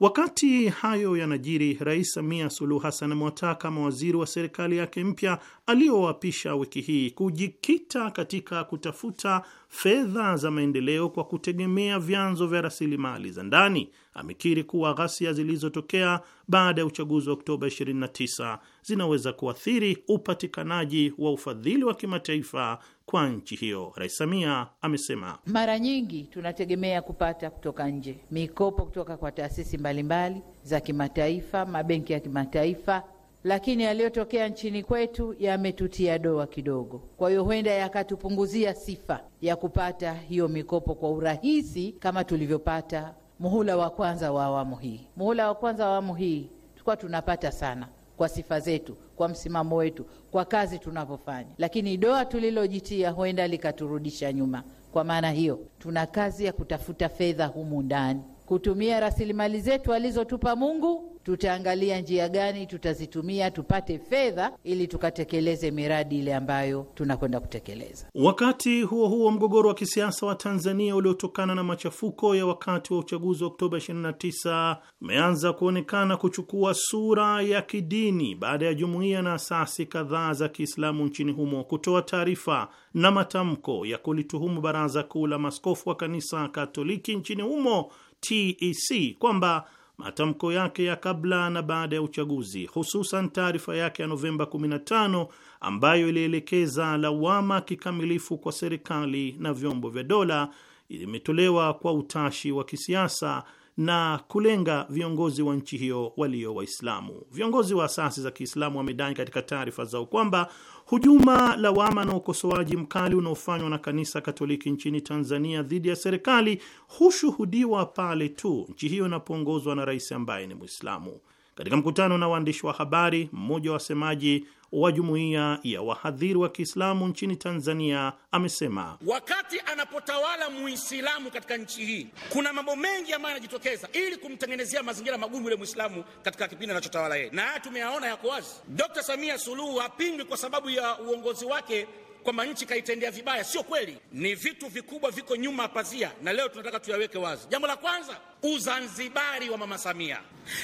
Wakati hayo yanajiri, Rais Samia Suluhu Hassan amewataka mawaziri wa serikali yake mpya aliyowapisha wiki hii kujikita katika kutafuta fedha za maendeleo kwa kutegemea vyanzo vya rasilimali za ndani, amekiri kuwa ghasia zilizotokea baada ya uchaguzi wa Oktoba 29 zinaweza kuathiri upatikanaji wa ufadhili wa kimataifa kwa nchi hiyo. Rais Samia amesema, mara nyingi tunategemea kupata kutoka nje mikopo kutoka kwa taasisi mbalimbali za kimataifa, mabenki ya kimataifa lakini yaliyotokea nchini kwetu yametutia doa kidogo. Kwa hiyo huenda yakatupunguzia sifa ya kupata hiyo mikopo kwa urahisi kama tulivyopata muhula wa kwanza wa awamu hii. Muhula wa kwanza wa awamu hii tulikuwa tunapata sana kwa sifa zetu, kwa msimamo wetu, kwa kazi tunavyofanya, lakini doa tulilojitia huenda likaturudisha nyuma. Kwa maana hiyo, tuna kazi ya kutafuta fedha humu ndani, kutumia rasilimali zetu alizotupa Mungu tutaangalia njia gani tutazitumia tupate fedha ili tukatekeleze miradi ile ambayo tunakwenda kutekeleza. Wakati huo huo, mgogoro wa kisiasa wa Tanzania uliotokana na machafuko ya wakati wa uchaguzi wa Oktoba 29 umeanza kuonekana kuchukua sura ya kidini baada ya jumuiya na asasi kadhaa za Kiislamu nchini humo kutoa taarifa na matamko ya kulituhumu Baraza Kuu la Maskofu wa Kanisa Katoliki nchini humo TEC kwamba matamko yake ya kabla na baada ya uchaguzi, hususan taarifa yake ya Novemba 15 ambayo ilielekeza lawama kikamilifu kwa serikali na vyombo vya dola, imetolewa kwa utashi wa kisiasa na kulenga viongozi wa nchi hiyo walio Waislamu. Viongozi wa asasi za Kiislamu wamedai katika taarifa zao kwamba hujuma, lawama na ukosoaji mkali unaofanywa na kanisa Katoliki nchini Tanzania dhidi ya serikali hushuhudiwa pale tu nchi hiyo inapoongozwa na rais ambaye ni Mwislamu. Katika mkutano na waandishi wa habari, mmoja wa wasemaji wa jumuiya ya wahadhiri wa Kiislamu nchini Tanzania amesema wakati anapotawala Muislamu katika nchi hii kuna mambo mengi ambayo yanajitokeza ili kumtengenezea mazingira magumu yule Muislamu katika kipindi anachotawala yeye, na haya tumeyaona yako wazi. Dr. Samia Suluhu hapingwi kwa sababu ya uongozi wake kwamba nchi kaitendea vibaya, sio kweli. Ni vitu vikubwa viko nyuma ya pazia, na leo tunataka tuyaweke wazi. Jambo la kwanza, uzanzibari wa mama Samia.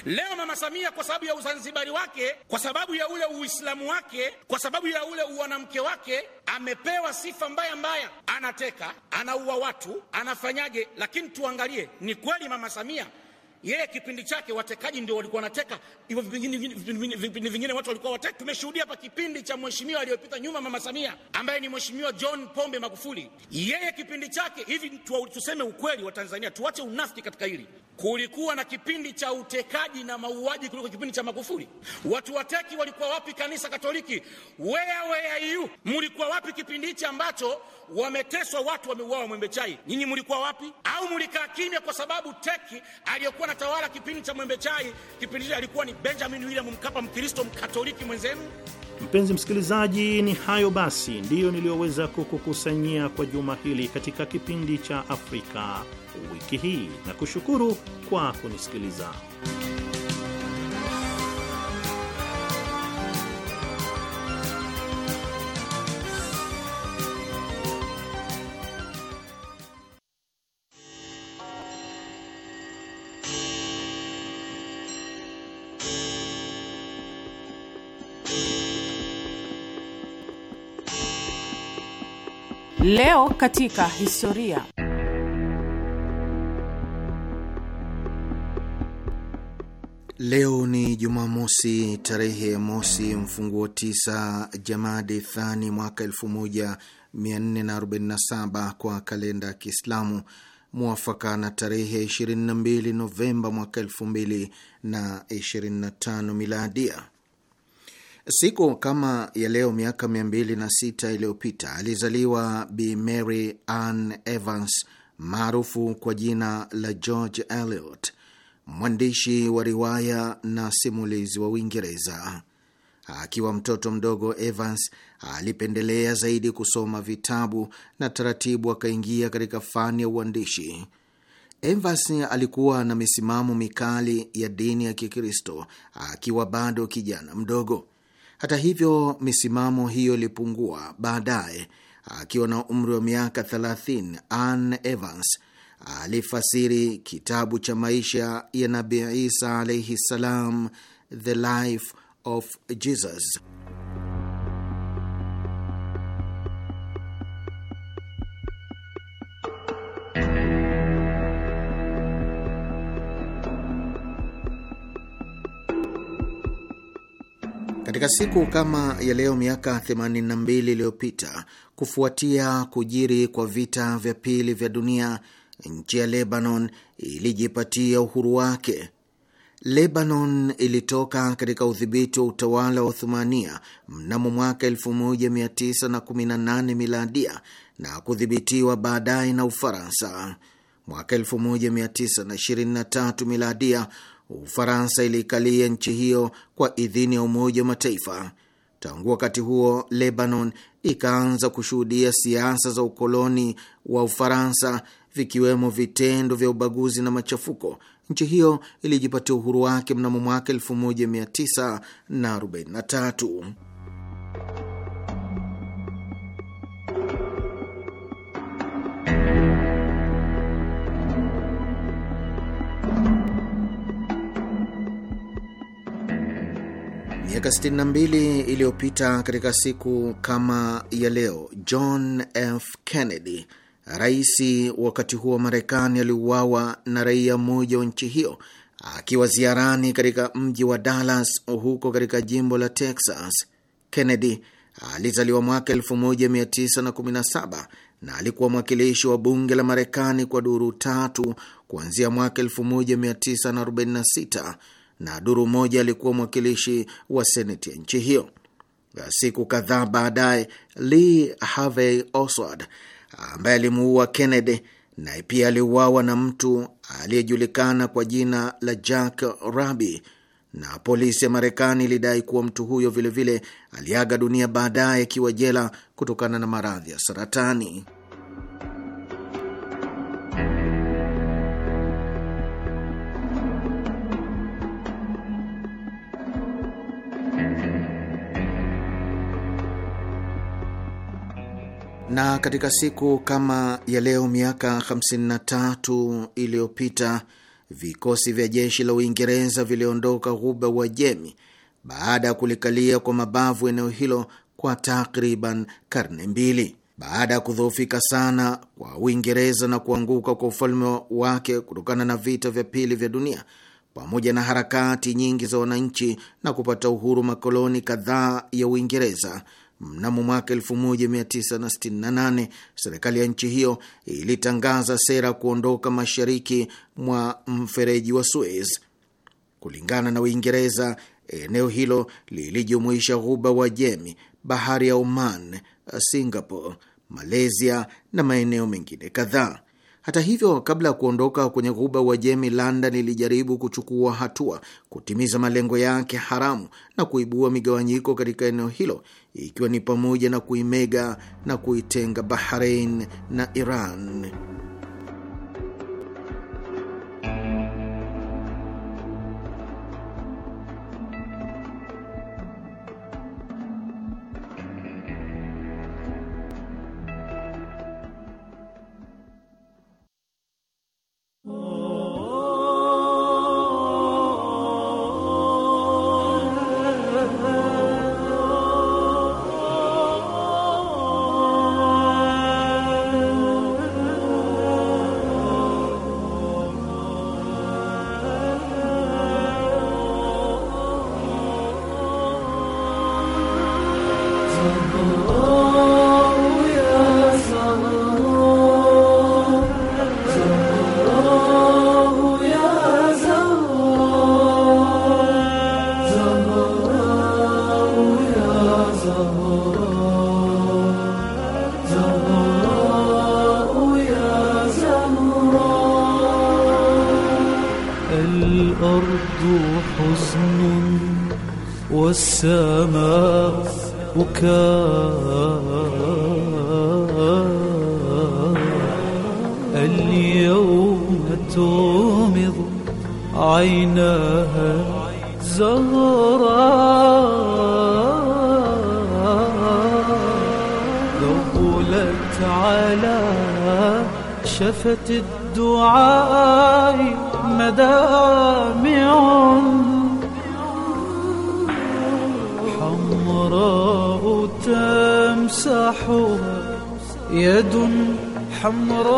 Leo mama Samia, kwa sababu ya uzanzibari wake, kwa sababu ya ule uislamu wake, kwa sababu ya ule uwanamke wake, amepewa sifa mbaya mbaya, anateka, anaua watu, anafanyaje. Lakini tuangalie, ni kweli mama Samia yeye kipindi chake watekaji ndio walikuwa wanateka, hivyo vipindi vingine watu walikuwa wateka. Tumeshuhudia hapa kipindi cha mheshimiwa aliyopita nyuma, mama Samia, ambaye ni mheshimiwa John Pombe Magufuli. Yeye kipindi chake hivi, tuseme ukweli wa Tanzania, tuache unafiki katika hili. Kulikuwa na kipindi cha utekaji na mauaji kuliko kipindi cha Magufuli. Watu wateki walikuwa wapi? Kanisa Katoliki, where were you? Mlikuwa wapi kipindi hichi ambacho wameteswa watu wameuawa Mwembe Chai? Nyinyi mlikuwa wapi? Au mlikaa kimya kwa sababu teki aliyokuwa anatawala kipindi cha Mwembe Chai, kipindi hicho alikuwa ni Benjamin William Mkapa, Mkristo Mkatoliki mwenzenu. Mpenzi msikilizaji, ni hayo basi ndiyo niliyoweza kukukusanyia kwa juma hili katika kipindi cha Afrika wiki hii, na kushukuru kwa kunisikiliza. Leo katika historia. Leo ni Jumamosi tarehe mosi mfunguo tisa Jamadi Thani mwaka 1447 kwa kalenda ya Kiislamu muafaka na tarehe 22 Novemba mwaka 2025 miladia. Siku kama ya leo miaka sita iliyopita alizaliwa Bi Mary Ann Evans maarufu kwa jina la George Eliot, mwandishi wa riwaya na simulizi wa Uingereza. Akiwa mtoto mdogo, Evans alipendelea zaidi kusoma vitabu na taratibu akaingia katika fani ya uandishi. Evans alikuwa na misimamo mikali ya dini ya Kikristo akiwa bado kijana mdogo. Hata hivyo, misimamo hiyo ilipungua baadaye. Akiwa na umri wa miaka 30, Anne Evans alifasiri kitabu cha maisha ya Nabii Isa alaihi ssalam, The Life of Jesus. Katika siku kama ya leo miaka 82 iliyopita, kufuatia kujiri kwa vita vya pili vya dunia, nchi ya Lebanon ilijipatia uhuru wake. Lebanon ilitoka katika udhibiti wa utawala wa Uthumania mnamo mwaka 1918 miladia na kudhibitiwa baadaye na Ufaransa. Mwaka 1923 miladia Ufaransa iliikalia nchi hiyo kwa idhini ya Umoja wa Mataifa. Tangu wakati huo, Lebanon ikaanza kushuhudia siasa za ukoloni wa Ufaransa, vikiwemo vitendo vya ubaguzi na machafuko. Nchi hiyo ilijipatia uhuru wake mnamo mwaka 1943. Miaka 62 iliyopita katika siku kama ya leo, John F. Kennedy, rais wakati huo wa Marekani, aliuawa na raia mmoja wa nchi hiyo akiwa ziarani katika mji wa Dallas huko katika jimbo la Texas. Kennedy alizaliwa mwaka 1917 na alikuwa mwakilishi wa bunge la Marekani kwa duru tatu kuanzia mwaka 1946 na duru moja alikuwa mwakilishi wa seneti ya nchi hiyo. Siku kadhaa baadaye, Lee Harvey Oswald ambaye alimuua Kennedy naye pia aliuawa na mtu aliyejulikana kwa jina la Jack Ruby, na polisi ya Marekani ilidai kuwa mtu huyo vilevile aliaga dunia baadaye akiwa jela kutokana na maradhi ya saratani. Na katika siku kama ya leo miaka 53 iliyopita vikosi vya jeshi la Uingereza viliondoka ghuba Uajemi baada ya kulikalia kwa mabavu eneo hilo kwa takriban karne mbili. Baada ya kudhoofika sana kwa Uingereza na kuanguka kwa ufalme wake kutokana na vita vya pili vya dunia pamoja na harakati nyingi za wananchi na kupata uhuru makoloni kadhaa ya Uingereza, Mnamo mwaka 1968 serikali ya nchi hiyo ilitangaza sera kuondoka mashariki mwa mfereji wa Suez. Kulingana na Uingereza, eneo hilo lilijumuisha ghuba wa Jemi, bahari ya Oman, Singapore, Malaysia na maeneo mengine kadhaa. Hata hivyo, kabla ya kuondoka kwenye ghuba Jemi, London ilijaribu kuchukua hatua kutimiza malengo yake haramu na kuibua migawanyiko katika eneo hilo, ikiwa ni pamoja na kuimega na kuitenga Bahrain na Iran. ذات الدعاء مدامع حمراء تمسح يد حمراء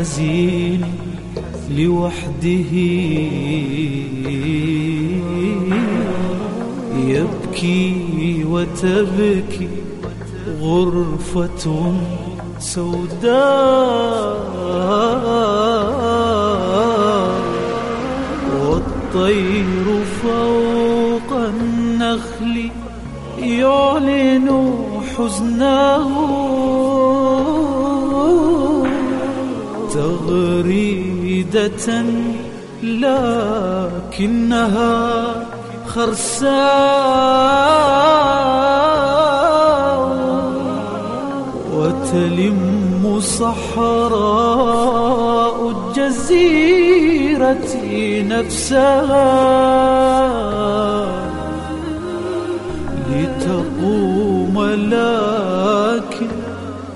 حزين لوحده يبكي وتبكي غرفة سوداء والطير فوق النخل يعلن حزنه جدة لكنها خرساء وتلم صحراء الجزيرة نفسها لتقوم لكن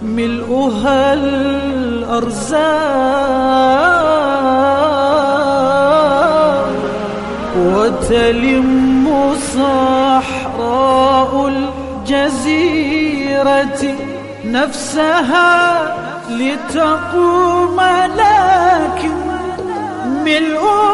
ملؤها الأرزاق تلم صحراء الجزيرة نفسها لتقوم لكن ملؤها